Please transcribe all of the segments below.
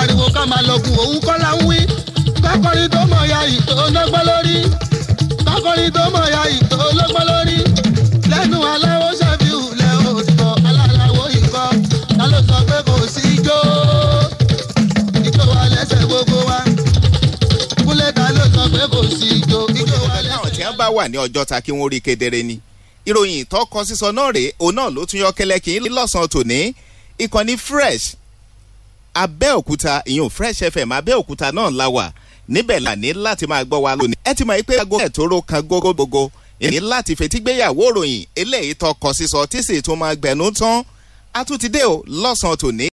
pariwo ká máa lọ́gùn òun kọ́ la ń wí. kákọrin tó mọ̀ ya ìtò lọ́gbọ́n lórí. kákọrin tó mọ̀ ya ìtò lọ́gbọ́n lórí. lẹ́nu aláwo ṣàfihàn lẹ́ òsìkò aláwo ìkọ́ ta ló sọ pé kò sí ijó. ijó wa lẹ́sẹ̀ gbogbo wa. kúlẹ̀ ta ló sọ pé kò sí ijó. ijó wa lẹ́sẹ̀ gbogbo wa. tí wọ́n bá wà ní ọjọ́ ta kí wọ́n rí kedere ni ìròyìn ìtọ́kọ sísọ náà rèé òun náà ló tún yọ kẹlẹ́kì lọ́sàn-án tòní ìkànnì fresh abẹ́òkúta ìyẹn fresh fm abẹ́òkúta náà la wà níbẹ̀ là ní láti máa gbọ́ wa lónìí ẹ ti máa pé aago ẹ̀tọ́rọ kan gógógógó ní láti fetígbéyàwó ròyìn eléyìí tọkọ sísọ tí sì tún máa gbẹ̀nú tán a tún ti dé o lọ́sàn-án tòní.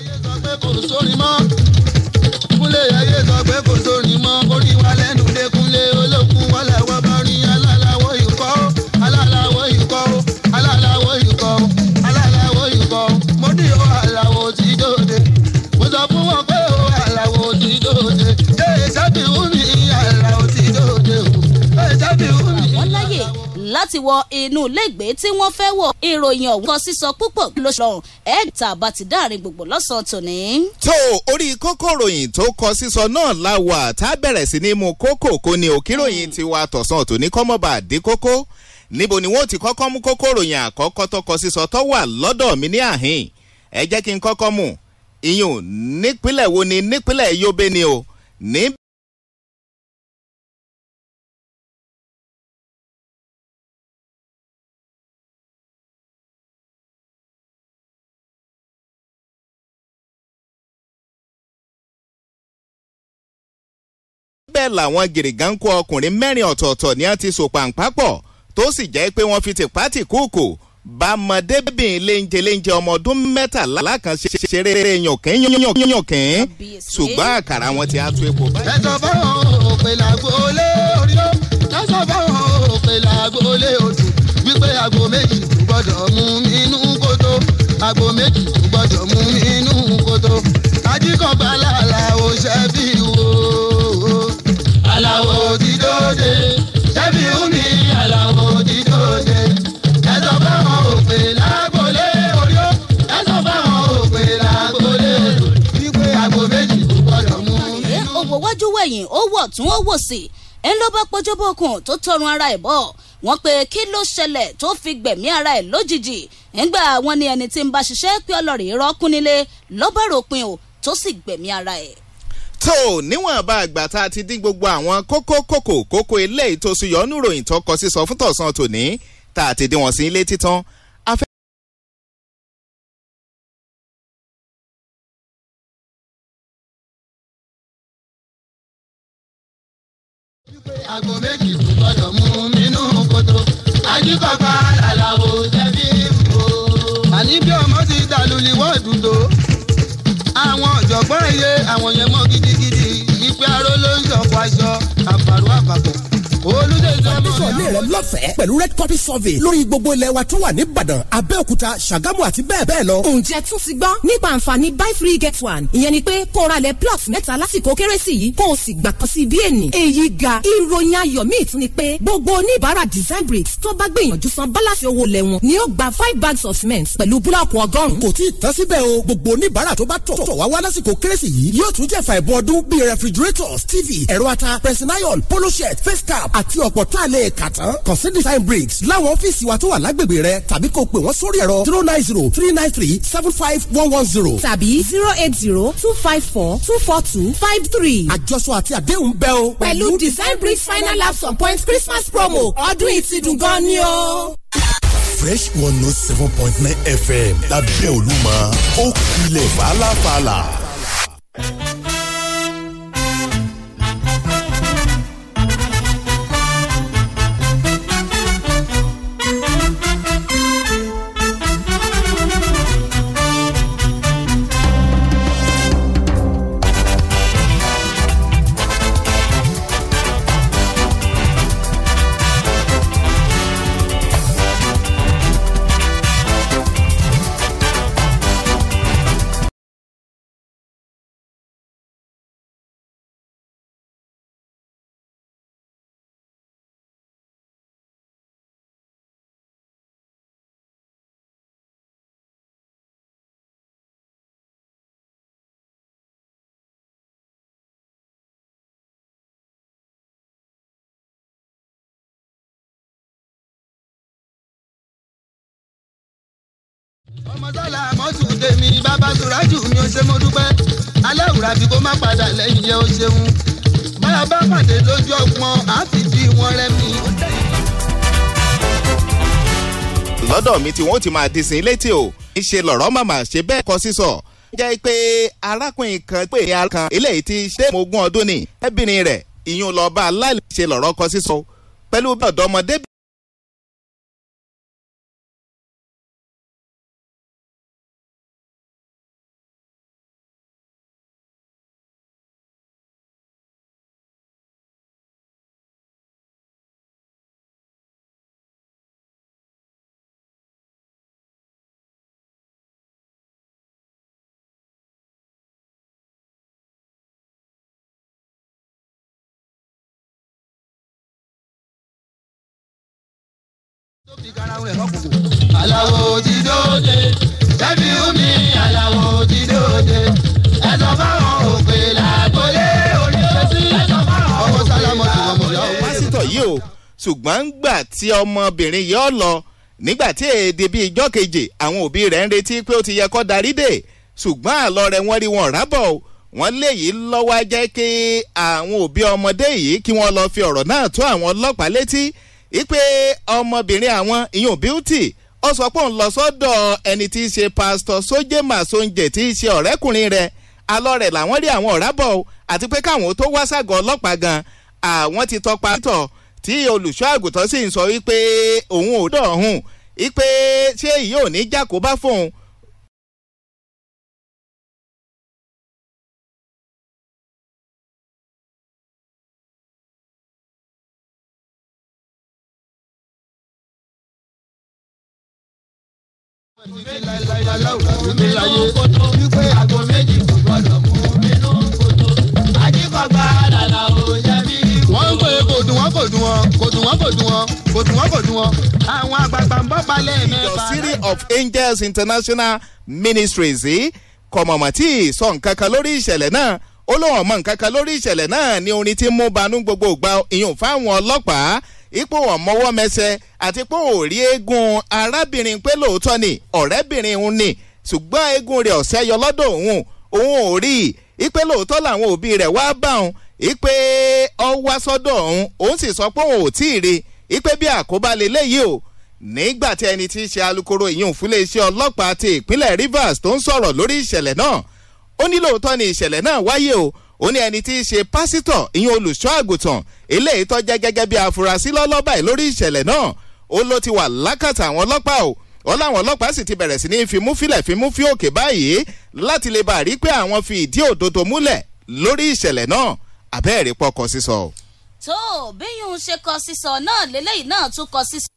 ayé sọ pé kò sórin mọ́ kúnlẹ̀ ayé sọ pé kò sórin mọ́ orí wa lẹ́nu láti wọ inú ilégbèé tí wọ́n fẹ́ wọ̀ ìròyìn ọ̀hún kọ sísọ púpọ̀ lọ́sọ̀rọ̀ ẹ̀ẹ́dà àbàtì dáàrin gbogbo lọ́sàn-án tòní. tó orí kókó ròyìn tó kọ sísọ náà la wà bẹ̀rẹ̀ sí ní mu kókó kó ni òkíròyìn hmm. ti wa tọ̀sán tòní kọ́mọ́bà dé kókó níbo ni wọ́n ti kọ́kọ́ mú kókó ròyìn àkọ́kọ́ tó kọ sísọ tó wà lọ́dọ̀ mi ní àhín ẹ jẹ́ kí n kọ́kọ́ mú iyùn nípínlẹ̀ wo ni nípínlẹ̀ Yobe ni o ní bẹ́ẹ̀ làwọn gìrìgánkù ọkùnrin mẹ́rin ọ̀tọ̀ọ̀tọ̀ ni a ti so pàǹpápọ̀ tó sì jẹ́ pé wọ́n fi tìpátì kúùkù bá mọ̀débìnrin léńjẹ léńjẹ ọmọ ọdún mẹ́tàlá kan ṣe ṣeré yànkín yànkín ṣùgbọ́n àkàrà wọn ti á tú epo báyìí. ẹ̀sọ́ báwọn òpè làgbo lé orí ló ẹ̀sọ́ báwọn òpè làgbo lé odò wípé àgbo méjì kò gbọ́dọ̀ mú inú kótó àgbo méjì kò gbọ́dọ̀ mú inú kótó ajíkọ̀ọ́bá làlà òṣèbí àlàó dídóde ṣebí umi àlàó dídóde ẹsọ fáwọn òpè lágbolé orí ẹsọ fáwọn òpè lágbolé rò wípé àgbo méjì kò gbọdọ̀ mú. owó wájú wẹ̀yìn ó wọ̀ tún ó wò sí ń ló bá pọjú bókun tó tọrùn ara ẹ̀ bọ̀ wọ́n pe kí ló ṣẹlẹ̀ tó fi gbẹ̀mí ara ẹ̀ lójijì ńgbà wọ́n ní ẹni tí ń bá ṣiṣẹ́ pé ọlọ́rìí rọ́ọ̀kún nílé lọ́bàròpin o tó sì gbẹ̀mí ara ẹ̀ tó níwọ̀n bá àgbà tá a ti dín gbogbo àwọn kókó kókó kókó ilé ìtòsí yọ̀ọ́nù ròyìn tó kọ sísọ fún tọ̀sán tòní tá a ti dín wọn sí ilé títán. àgbo méjì kò gbọdọ̀ mú inú koto ajíkọ̀gbà làlàó jẹ́bí o. àní bí ọmọ ti dàlú liwodù tó ọ̀gbọ́n ẹ̀yẹ àwọn yẹn mọ́ gidigidi ìpè aró ló ń yọ̀kọ̀ aṣọ àfàrọ̀ àpapọ̀ admission ilé rẹ lọ́fẹ̀ẹ́ buy free get one ìyẹn ni pé kó o ra lẹ̀ plot mẹ́ta lásìkò kérésì yìí kó o sì gbà kan sí bí ènì. èyí ga ìròyìn ayọ̀ míì design bricks tó bá gbìyànjú san balance owó lẹ̀ wọn ni ó five bags of cement pẹ̀lú búlọ́ọ̀kù ọgọ́rùn-ún. kò tí ì tán síbẹ̀ o gbogbo oníbàárà tó bá tọ̀ wá wá lásìkò kérésì yìí yóò tún jẹ̀fà ẹ̀bùn refrigerators TV ẹ̀rọ ata presidion polo shirt face cap àti ọ̀pọ̀ tá a lè kà tán kàn sí design breaks láwọn ọ́fíìsì wa tó wà lágbègbè rẹ tàbí kó o pè wọ́n sórí ẹ̀rọ zero nine zero three nine three seven five one one zero tàbí zero eight zero two five four two four two five three. àjọṣọ àti àdéhùn bẹ́ o. pẹ̀lú design breaks final labs on point christmas promo ọdún ìtìdùn gan ni o. fresh one note oh seven point nine fm lábẹ́ olúmọ ó kulẹ̀ fàlàfàlà. ọmọdọ́là mọ́tò tèmi bàbá sùrájù mi ò ṣe mo dúpẹ́ alẹ́ òwúrà bí kò má padà lẹ́yìn yẹ ó ṣeun báyọ̀ bá pàdé lójú ọgbọ́n á fi di wọn rẹ́mi. lọ́dọ̀ mi tí wọ́n ti máa di sin létí o ìṣe lọ̀rọ̀ màmá ṣe bẹ́ẹ̀ kọ sísọ jẹ́ pé arákùnrin kan pé ìyá eléyìí ti ṣe ogún ọdún ni ẹbìnrin rẹ̀ ìyún lọ́ọ́ bá aláìlè kọ sísọ pẹ̀lú bí ọ̀dọ́mọdébìnrin aláwẹ̀ ọ̀kùnkùn. aláwo ti dóde ṣẹ́bi omi aláwo ti dóde ẹ sọ fáwọn òpè làgbọ́lé oríṣiríṣi ẹ sọ fáwọn òpè làgbọ́lé. pásítọ̀ yìí o ṣùgbọ́n ńgbà tí ọmọbìnrin yìí ọ̀ lọ nígbà tí èdè bíi ijọ́ keje àwọn òbí rẹ̀ ń retí pé ó ti yẹ kó darí dé ṣùgbọ́n àlọ́ rẹ̀ wọ́n rí wọn rábọ̀ o wọ́n léyìí lọ́wọ́ jẹ́ kí àwọn òbí ọmọdé yìí kí wọ́n lọ́ọ́ fi ọ̀rọ̀ náà tó àwọn ọlọ́pàá létí ipe ọmọbìnrin àwọn ìyún beauty ó sọ pé òun lọ sọ́dọ̀ ẹni tí í ṣe pásítọ̀ sójèmà sóúnjẹ tí í ṣe ọ̀rẹ́kùnrin rẹ̀ alọ́ rẹ̀ làwọn rí àwọn ọ̀rá bọ̀ àti pé káwọn tó wá ságọ̀ ọlọ́pàá gan àwọn ti tọpa tọ̀ tí olùṣọ́ àgùntàn sì ń sọ wípé òun ò dọ̀ ọ̀hún wípé ṣé èyí ní jákòó bá fóun wọ́n pè kò dùn wọ́n kò dùn wọ́n kò dùn wọ́n kò dùn wọ́n kò dùn wọ́n kò dùn wọ́n àwọn àgbààgbà ń bọ́ balẹ̀ mẹ́fà. the city of angels international ministries kọ̀mọ̀mọ̀ tí sọ nǹkan kan lórí ìṣẹ̀lẹ̀ náà ó lóun ọ̀mọ̀ nǹkan kan lórí ìṣẹ̀lẹ̀ náà ní orin tí mú banú gbogbo ìgbà ìyún fáwọn ọlọ́pàá ipò wọn mọ́wọ́ mẹsẹ̀ àti pé ò rí eegun arábìnrin pé lóòótọ́ ni ọ̀rẹ́bìnrin òun ni ṣùgbọ́n eegun rẹ̀ ọ̀sẹ̀ yọ lọ́dọ̀ òun òun ò rí i ipe lóòótọ́ làwọn òbí rẹ̀ wá bá òun ipe ọ wá sọ́dọ̀ òun òun sì sọ pé òun ò tí ì rí ipe bí àkóbá leléyìí o nígbà tí ẹni tí í ṣe alukoro ìyún fún iléeṣẹ́ ọlọ́pàá ti ìpínlẹ̀ Rivers tó ń sọ̀rọ̀ lórí ìṣẹ̀lẹ̀ náà ó ní lóòótọ́ ni ìṣẹ̀lẹ̀ náà wáyé o ó ní ẹni tí í ṣe pásítọ̀ ìyẹn olùṣọ́ àgùntàn eléyìí tó jẹ́ gẹ́gẹ́ bí afurasí lọ́lọ́bà yìí lórí ìṣẹ̀lẹ̀ náà ó ló ti wà lákàtà àwọn ọlọ́pàá o ó láwọn ọlọ́pàá sì ti bẹ̀rẹ̀ sí ní fimúfilẹ̀ fimúfi òkè báyìí láti lè bá rí pé àwọn fi ìdí òdodo múlẹ̀ lórí ìṣẹ̀lẹ̀ náà àbẹ́ẹ̀rí pọ̀ sísọ. tó bí yóò ṣe kọ sísọ náà lélẹ́yìí náà tún kọ sísọ.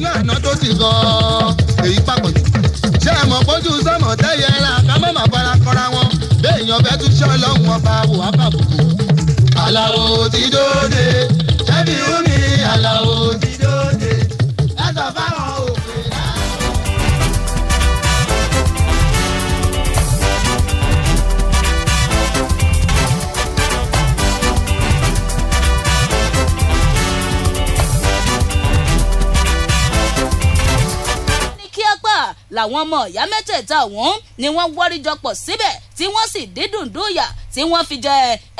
ilé àná tó sì sọ èyí papọ̀ jù. ṣé ẹ mọ̀ pójú sọ́mọ̀ tẹ́yẹ ra ká má má fara kọra wọn béèyàn fẹ́ tún ṣe ọlọ́run ọba wò á bàbùkù. aláwo ti dóde ṣẹ́bi omi. làwọn ọmọ ìyá mẹ́tẹ̀ẹ̀ta ọ̀hún ni wọ́n wọ́ríjọpọ̀ síbẹ̀ tí wọ́n sì dídùn dúyà tí wọ́n fi jẹ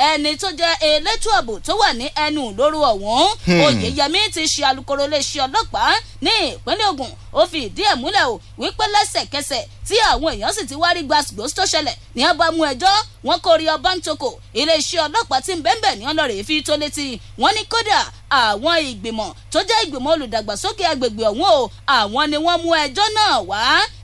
ẹni tó jẹ elétò ààbò tó wà ní ẹnu lóru ọ̀hún hmm. Oyèyẹmí ti ṣe alukoro iléeṣẹ́ ọlọ́pàá ní ìpínlẹ̀ Ògùn ó fi ìdí ẹ̀ múlẹ̀ o wípé lẹ́sẹ̀kẹsẹ̀ tí àwọn èèyàn sì ti wá rí gbàsgbòs tó ṣẹlẹ̀ ní abá mú ẹjọ́ wọn kò rí ọba ń toko iléeṣẹ́ ọlọ́pàá tí ń bẹ́ẹ̀ bẹ́ẹ̀ ní ọlọ́rẹ̀ fi tó létí wọn ní kódà àwọn ìgbìmọ̀ tó jẹ́ ìgbìmọ̀ olùdàgbàsókè agbègbè ọ̀hún o àwọn ni wọ́n mú ẹjọ́ náà wá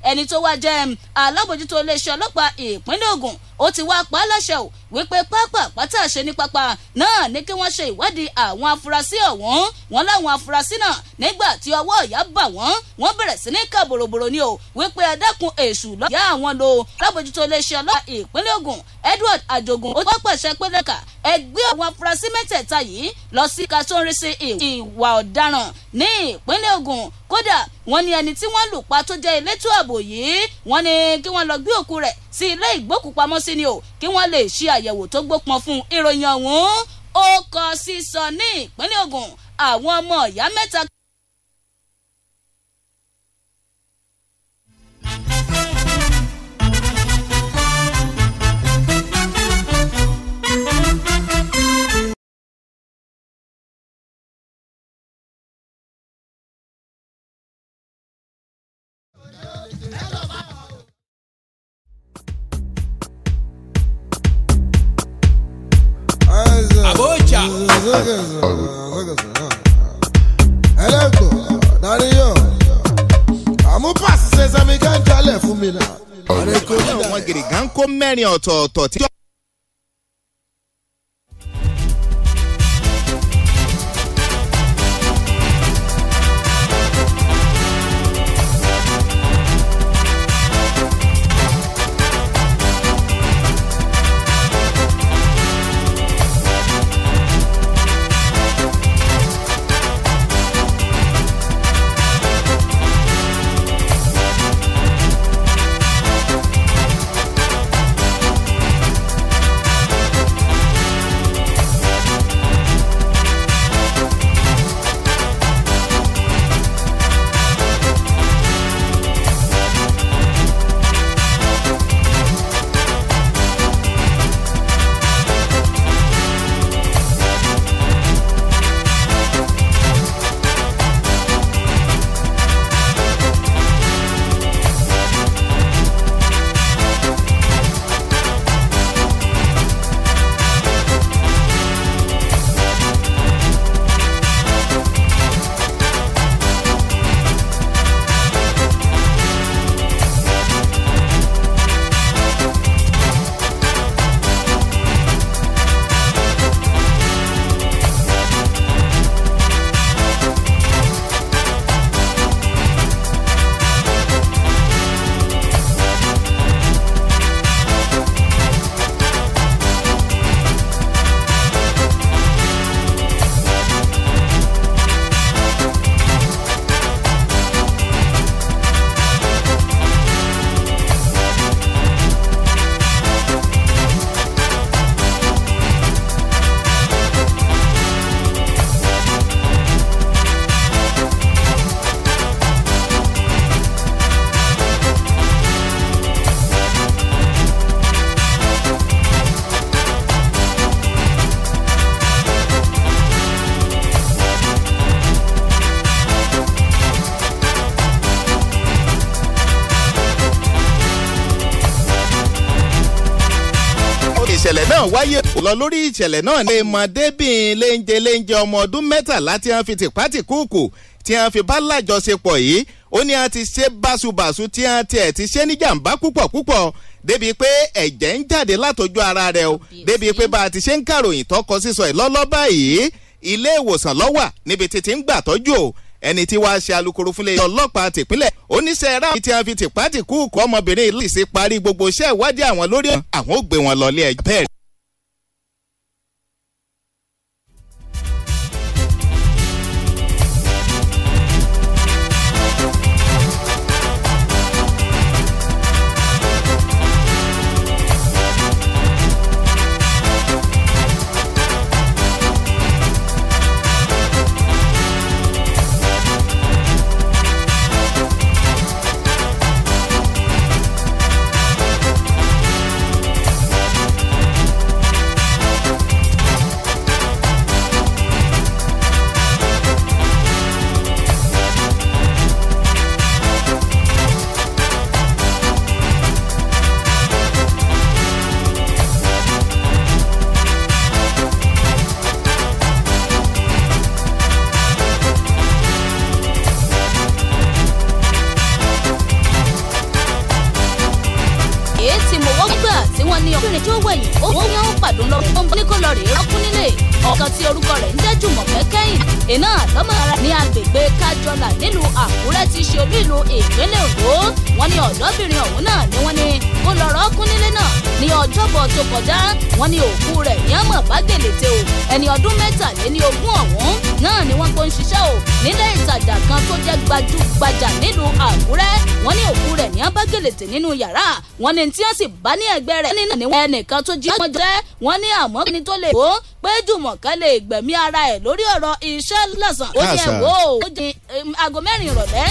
ẹni tó wá jẹ́ alábòjútó iléeṣẹ́ ọlọ́pàá ìpínlẹ̀ Ògùn ó ti wá pa á láṣẹ o wípé pápá aláṣẹ ní pápá náà ní kí wọ́n ṣe ìwádìí àwọn afurasí ọ̀hún wọn láwọn afurasí náà nígbà tí ọwọ́ ìyá bà wọ́n wọ́n bẹ̀rẹ̀ sí ní kà bòròbòrò ni o wípé ẹ dákun èṣù lọ́ọ́ ìyá àwọn lo lábòjútó iléeṣẹ́ ọlọ́pàá ìpínlẹ̀ Ògùn Edward Ajogun ó pàṣẹ pé lẹ́ka ẹ gbé àwọn afurasí mẹ́tẹ̀ẹ̀ta yìí lọ sí ká tó ń rí sí ìwà ọ̀daràn ní ìpínlẹ̀ Ògùn kódà wọ́n ní ẹni tí wọ́n lù pa tó jẹ́ elétò ààbò yìí wọ́n ní kí wọ́n lọ gbé òkú rẹ̀ sí ilé ìgbókùpamọ́sí ni o kí wọ́n lè ṣe àyẹ̀wò tó gbópọn fún ìròyìn ọ̀hún ó kọ sísọ ní ìpínlẹ̀ Ògùn àwọn ọmọ ìyá mẹ́ta ẹlẹ́gọ̀ àwọn gèrè gan kó mẹ́rin ọ̀tọ̀ọ̀tọ̀ tí. lọ lórí ìṣẹ̀lẹ̀ náà ní mọ̀débìn léńjẹ léńjẹ ọmọ ọdún mẹ́tàlá tí wọ́n fi tìpátìkúùkù tí wọ́n fi bá lájọṣepọ̀ yìí ó ní a ti ṣe báṣubàṣu tí a tiẹ̀ ti ṣe níjàmbá púpọ̀ púpọ̀ débìí pé ẹ̀jẹ̀ ń jáde látọjú ara rẹ̀ o débìí pé bá a ti ṣe ń kàròyìn tọkọ sísọ ẹ̀ lọ́lọ́ báyìí ilé ìwòsàn lọ́wà níbi títí ń gbà tọ́jú o ẹni tí wàá ṣe alukoro fúnlẹ̀ ọlọ́pàá tìpínlẹ̀ oníṣẹ́ ráàmù tí a fi tìpátìkú kọ́ ọmọbìnrin ìlú ìsìn parí gbogbo iṣẹ́ ìwádìí àwọn lórí àwọn ò nílùú àkúrẹ́ ti ṣe olú ìlú ìpínlẹ̀ ògbó wọ́n ní ọ̀dọ́bìnrin ọ̀hún náà ni wọ́n ní kó lọ́rọ́ kún nílé náà ní ọjọ́bọ̀ tó kọjá wọ́n ní òkú rẹ̀ ní àmọ̀ bá gèlè tè o ẹni ọdún mẹ́tàléní ogún ọ̀hún náà ni wọ́n tó ń ṣiṣẹ́ o nílé ìtajà kan tó jẹ́ gbajúgbajà nílùú àkúrẹ́ wọ́n ní òkú rẹ̀ ní abágẹ̀lẹ̀tì nínú yàrá wọ́n ní tí wọ́n sì bá ní ẹgbẹ́ rẹ̀ ẹnìkan tó jí wọ́n jẹ́ wọ́n ní àmọ́ ní tó lè wò pé jùmọ̀kẹ́ lè gbẹ̀mí ara ẹ̀ lórí ọ̀rọ̀ iṣẹ́ lọ́sàn ó ní ẹ̀wò ó di aago mẹ́rin ìrọ̀lẹ́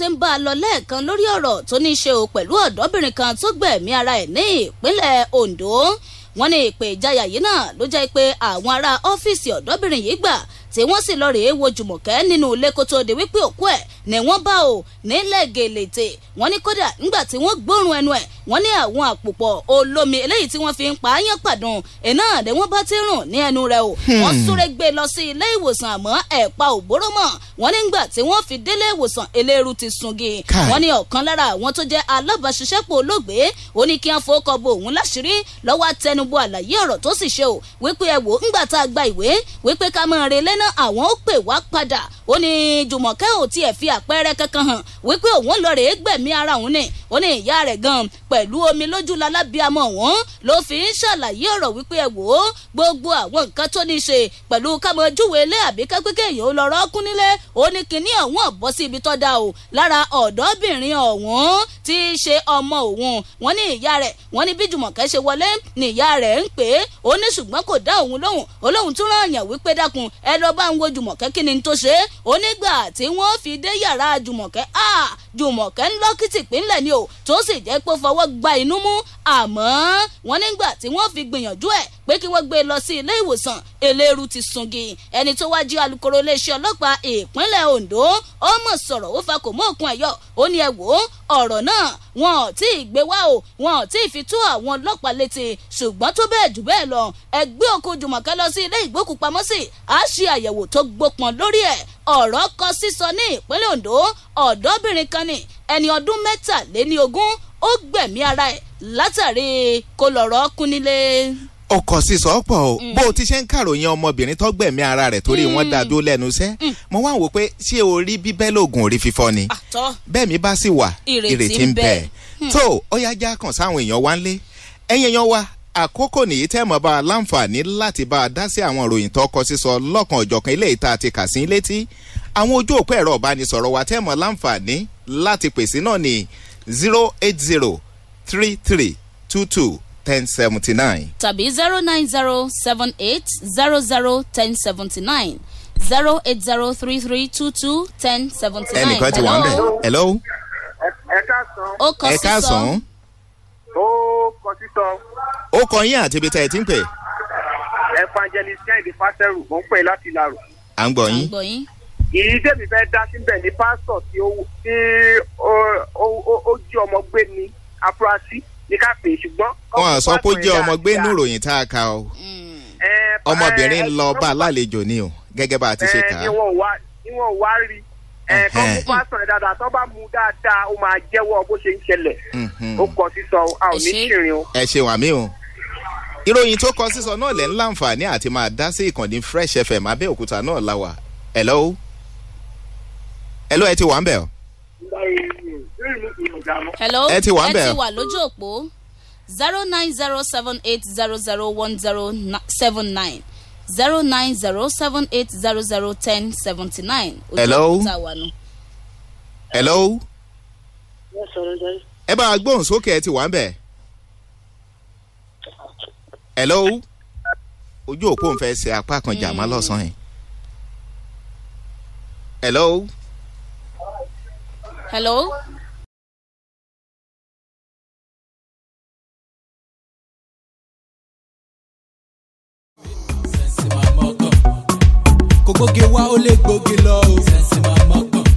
ṣe ń bá a lọ lẹ́ẹ̀kan lórí ọ̀rọ̀ tó ní í ṣe o pẹ̀lú ọ̀dọ́bìnrin kan tó gbẹ̀mí ara ẹ̀ ní ìpínlẹ̀ Ondo wọ́n ní ìpè ìjayà yìí náà ló jẹ́ pé àwọn ará ọ́fíìsì ọ̀dọ́bìnrin yìí gbà tí wọ́n sì lọ rèé wo Jùmọ̀kẹ́ nínú ilé kó tó di wípé òkú ẹ̀ ni wọ́n bá o nílẹ̀ gèlètè wọ́n ní kódà nígbà tí wọ́n gbóòórùn ẹnu ẹ̀ wọ́n ní àwọn àpòpọ̀ olómi eléyìí tí wọ́n fi ń pa áyán pàdùn iná ni wọ́n bá ti rùn ní ẹnu rẹ̀ o hmm. wọ́n súré gbé lọ sí ilé ìwòsàn àmọ́ ẹ̀pa òbóró mọ̀ wọ́n nígbà tí wọ́n fi délé ìwòsàn eléru ti sungi wọ́n ní ọ̀kan lára àwọn tó jẹ́ alábàáṣiṣẹ́pọ̀ olóògbé ó ní kí wọ́n fowókọ bo òun láṣìírí lọ́wọ́ àtẹnubọ àlàyé ọ̀rọ̀ tó sì ṣe o wípé ẹ wò ńgbà tá a gba ìwé wípé ká máa ná àwọn ó pè wá padà ó ní jùmọ̀kẹ́ ò tiẹ̀ fi àpẹẹrẹ kankan hàn wípé òun lọ rèé gbẹ̀mí ara òun ni ó ní ìyá rẹ̀ gan pẹ̀lú omi lójú lalábíàmọ̀ òun ló fi ń ṣàlàyé ọ̀rọ̀ wípé ẹ wò ó gbogbo àwọn nǹkan tó ní ṣe pẹ̀lú kámọ ilé àbí kápẹ́kẹ́ èèyàn ó lọ rọ́ọ̀kún nílé ó ní kinní ọ̀hún ọ̀bọ́ sí ibi tó da o lára ọ̀dọ́bìnrin ọ̀hún ti ṣe ọmọ òun wọ́n ní ìyá rẹ̀ wọ́n ní bí jùmọ̀kẹ́ ṣe wọlé ní ìyá rẹ̀ ń pè é ó ní ṣùgbọ́n kò dá òun lóhùn olóhùn tún ràn wípé dákun ẹ lọ lọ bá ń wo jùmọ̀kẹ́ kí ni tó ṣe é onígbà tí wọ́n fi dé yàrá jùmọ̀kẹ́ ah, jùmọ̀kẹ́ ńlọ́kìtì pínlẹ̀ ni o tó sì jẹ́ pé fọwọ́ gba inú mú àmọ́ wọn nígbà tí wọ́n fi gbìyànjú ẹ̀ pé kí wọ́n gbé e lọ sí ilé ìwòsàn eléru ti sungi ẹni tó wáá jí alukoro iléeṣẹ́ ọlọ́pàá ìpínlẹ̀ Ondo ó mọ̀ sọ̀rọ̀ ó fa kò mọ́ òkun ẹ̀yọ́ ó ní ẹ wò ó ọ̀rọ̀ náà wọn ò tí ì gbé wá o wọn ò tí ì fi tó àwọn ọlọ́pàá létí ṣùgbọ́n tó bẹ́ẹ̀ jù bẹ́ẹ̀ lọ ẹgbẹ́ òkú jùmọ̀kẹ́ lọ sí ilé ìgbókùpamọ́sí àá ṣe àyẹ̀wò tó gbópọn lórí ẹ̀ ọ̀rọ̀ kọ sísọ ní ìpínlẹ̀ Ondo ọ̀dọ́bìnrin kan ní ẹni ọdún mẹ́tàléní ogún ó gbẹ̀mí ara ẹ̀ látàrí kó lọ́rọ̀ kú nílé ọkọ̀ sísọ pọ̀ o mm. bó o ti ṣe ń kàròyìn ọmọbìnrin tó gbẹ̀mí ara rẹ̀ torí wọ́n dá mm. dúró lẹ́nu iṣẹ́ mm. mo wá wò pé ṣé orí bíbẹ́ lògùn orí fífọ́ ni bẹ́ẹ̀ mi bá sì wà ìrètí ń bẹ tó hmm. ó yá já kàn sáwọn èèyàn wa ń lé ẹ̀yin èèyàn wa àkókò nìyí tẹ́ mọ̀ bá a láǹfààní láti bá a dá sí àwọn ìròyìn tó kọ sísọ lọ́kàn ọ̀jọ̀kan ilé ìta àti kàsín létí àwọn ojú òpó ẹ̀rọ ìbánisọ̀rọ̀ wa tẹ́ mọ̀ láǹfààní láti pèsè náà ní zero eight zero three three two two ten seventy nine. tàbí zero nine zero seven eight zero zero ten seventy nine zero eight zero three three two two ten seventy nine. ẹnìkan ti wà ń bẹ̀ hello. ẹ ká sàn. ó kọ sísọ. ẹ sàn ó kọ títọ. ó kọ yín àti ibi tá ẹ ti ń pè. evangelist kẹ́hìndé fásẹ́rù mò ń pè láti ìlàrò. à ń gbọ́ yín. à ń gbọ́ yín. ìyí tèmi fẹ́ dá síbẹ̀ ní pásítọ̀ tí ó jí ọmọ gbé ni afurasí ní ká ṣùgbọ́n. wọn à sọ pé jẹ́ ọmọ gbé ní ìròyìn tá a kà o. Mm. ọmọbìnrin ń lọ bá a lálejò ni o gẹ́gẹ́ bá a ti ṣe kà á. níwọ̀n wá rí i ẹ kọ́ fún dáadáa tó bá mu dáadáa ó máa jẹ́wọ́ bó ṣe ń ṣẹlẹ̀ mm-hmm. ó kọ sísọ a ò ní ṣìrìn o. ẹ ṣeun àmì o ìròyìn tó kọ sísọ náà lẹ́ ń láǹfààní àti máa dá sí ìkànnì fresh fm abẹ́òkúta náà la wà hello hello ẹ ti wà ń bẹ̀ ọ́. hello ẹ ti wà ń bẹ̀ ọ́. ẹ ti wà lójú òpó zero nine zero seven eight zero zero one zero seven nine zero nine zero seven eight zero zero ten seventy nine. hello hello. ẹ bá a gbóhùn sókè ẹ ti wà ń bẹ̀. hello ojú òpó ń fẹ́ ṣe apá kan jàmá lọ́sàn yìí. hello. hello. kò gbóge wá ó lè gbóge lọ o. sẹ́sìn máa mọ́gbọ̀n.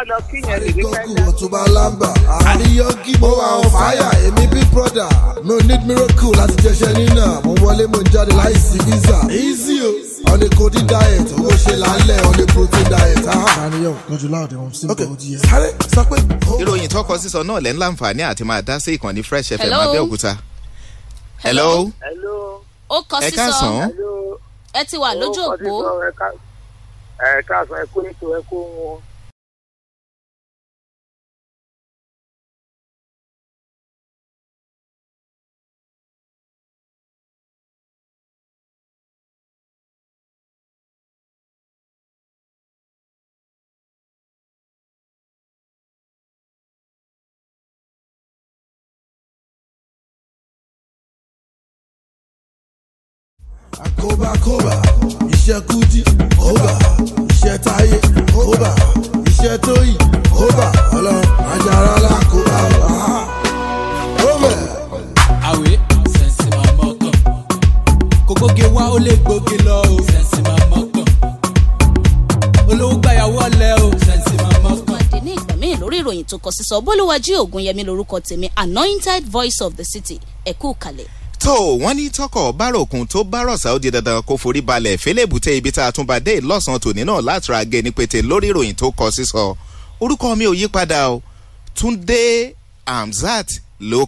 kọ́kọ́ lọ kí yẹn lè rí pẹ́ẹ́lẹ́. àríkọ́kù ọ̀túnba mo wà on fire èmi bí broda no need miracle láti jẹṣẹ́ nínà mo wọlé mo jáde láìsí visa easy o on a diet owó ṣe lálẹ́ on protein diet. Ah. àríyọ̀ kọjú láòdì ohun sí ìgbà òjì yẹn. sáré sọ pé. Oh. ìròyìn tọkọ sísọ náà lẹ́ ń àti máa dá sí ìkànnì fresh fm abẹ́òkúta. hello. hello. ó kọ sísọ. ẹ káàsán. ẹ ti wà lójú òpó. ẹ káàsán ẹ kó ètò ẹ kó wọn. kóbà iṣẹ́ kúdí ó bà iṣẹ́ táyé ó bà iṣẹ́ tóyì ó bà ọlọ́run ajára lákòbá ó bẹ̀. àwẹ̀ sẹ́ǹsì máa mọ́kàn kò gbóge wá ó lè gbóge lọ o sẹ́ǹsì máa mọ́kàn olówó gbàyàwó ọ̀lẹ́ o sẹ́ǹsì máa mọ́kàn lórí ìròyìn tó kọ sísọ bólúwájí ògùnyẹmí lórúkọ tèmi anointed voice of the city ẹ̀kú kalẹ̀ tó wọ́n ní tọkọ̀ bárokùn tó bárọ̀sà ó di dandan kó forí balẹ̀ fẹlẹ́bùtẹ́ ibi tá a tún bá dé lọ́sàn-án tòní náà látara gẹni pété lórí ìròyìn tó kọ sísọ orúkọ mi ò yí padà o Túndé Amzat ló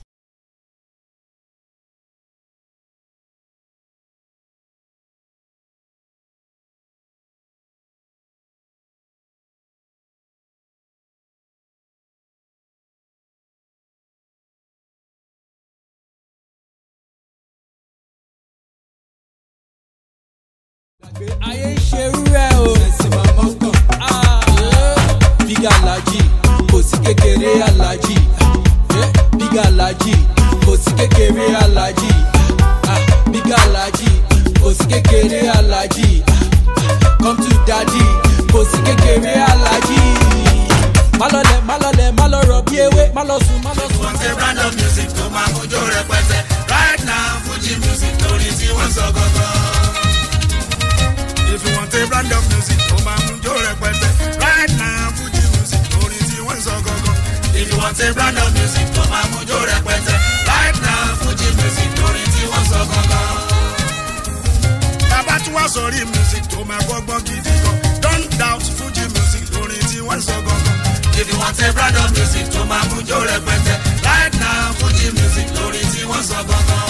kékeré alájì eh, big alájì kò sí kékeré alájì ah, big alájì kò sí kékeré alájì ah, come to daddy kò sí kékeré alájì. Malọlẹ̀ malọlẹ̀ malọ̀rọ̀ bí ewé malọ̀sùn malọ̀sùn. Mo ti random music tó máa fojú rẹpẹtẹ. tó rẹpẹtẹ right now Fuji music lórí tí wọ́n sọ gangan.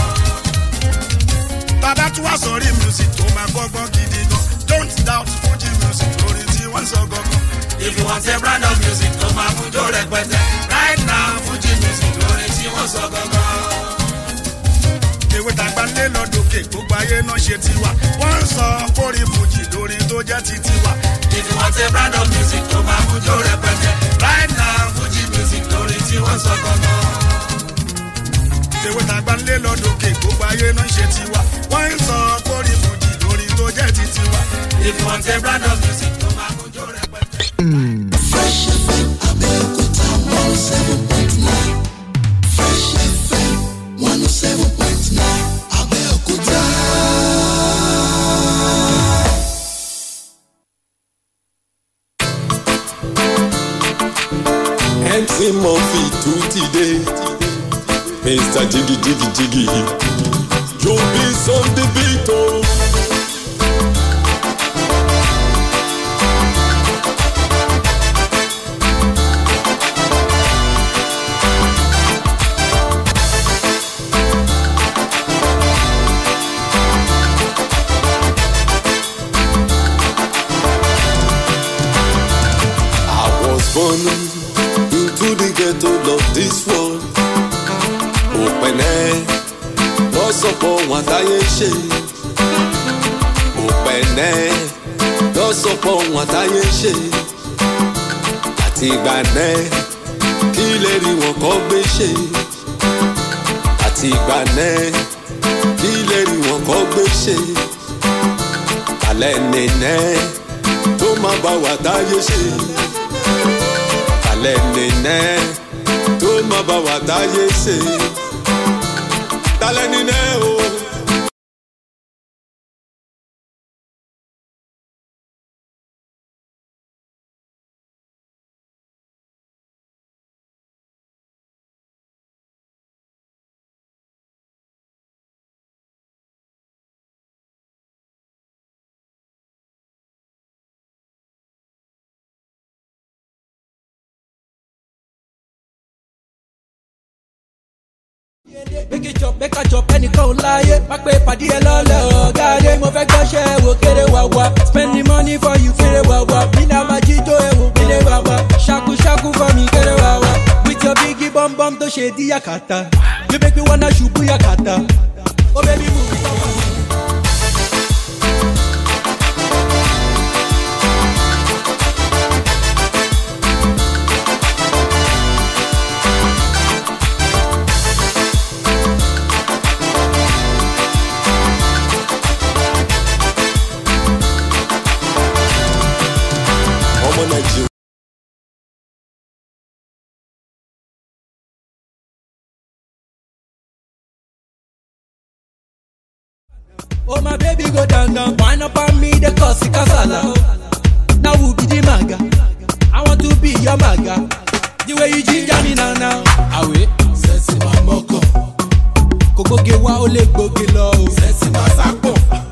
bàbá tí wàá sọrí music tó máa gbọ́gbọ́n gidi gan don't doubt Fuji music lórí tí wọ́n sọ gangan. if you want a brand of music tó máa mú tó rẹpẹtẹ right now Fuji music lórí tí wọ́n sọ gangan ewé tàgbà lé lọ́dọ̀kè gbogbo ayé náà ṣe tiwa wọ́n sọ kórìí fújì lórí tó jẹ́ ti tiwa. if you want a brand of music tó máa mú jó rẹpẹtẹ right now Fuji music tó ń sọ gbọ́ngàn. tèwe tàgbà ńlẹ̀ lọ́dọ̀kẹ́ gbogbo ayé náà ṣe tiwa wọ́n ń sọ kórìí fún jì lórí tó jẹ́ ti tiwa. if you want a brand of music. Mr. Jiggy Jiggy Jiggy. You be on the oh. Born into the ghetto of this world òpẹ̀lẹ́ wọ́n sọ pé òun àtayé ṣe òpẹ̀lẹ́ lọ́ sọ pé òun àtayé ṣe àti ìgbà nẹ́ kí lè rí wọn kọ́ gbé ṣe àti ìgbà nẹ́ kí lè rí wọn kọ́ gbé ṣe kàlẹ́ nìyẹn tó máa bá wa táyé ṣe kàlẹ́ nìyẹn tó máa bá wa táyé ṣe talẹ́ni náà o. make it chop make a chop any lie. ẹnìkan ò láyé má pé pàdé ẹ lọ́lẹ̀ ọ̀gá adé mo fẹ́ gbọ́ṣẹ́ ẹ̀wò kéré wàwà spend the money for you get kéré wàwà mi náà máa jíjó ẹ̀wò kéré wàwà Shaku shaku for me Get kéré wàwà with your big bum bum tó the díyàkàtà you make me wanna ṣubú yàkàtà ó bẹ́ẹ̀ bí move. mi. Oh my baby go down down. Wine up on me, the cause it Now who be the maga? I want to be your maga. The way you ginger me now now. Awe, sẹ́sì máa mọ́kàn. Kókó ge wá ole lè gbóge lọ o. Sẹ́sì máa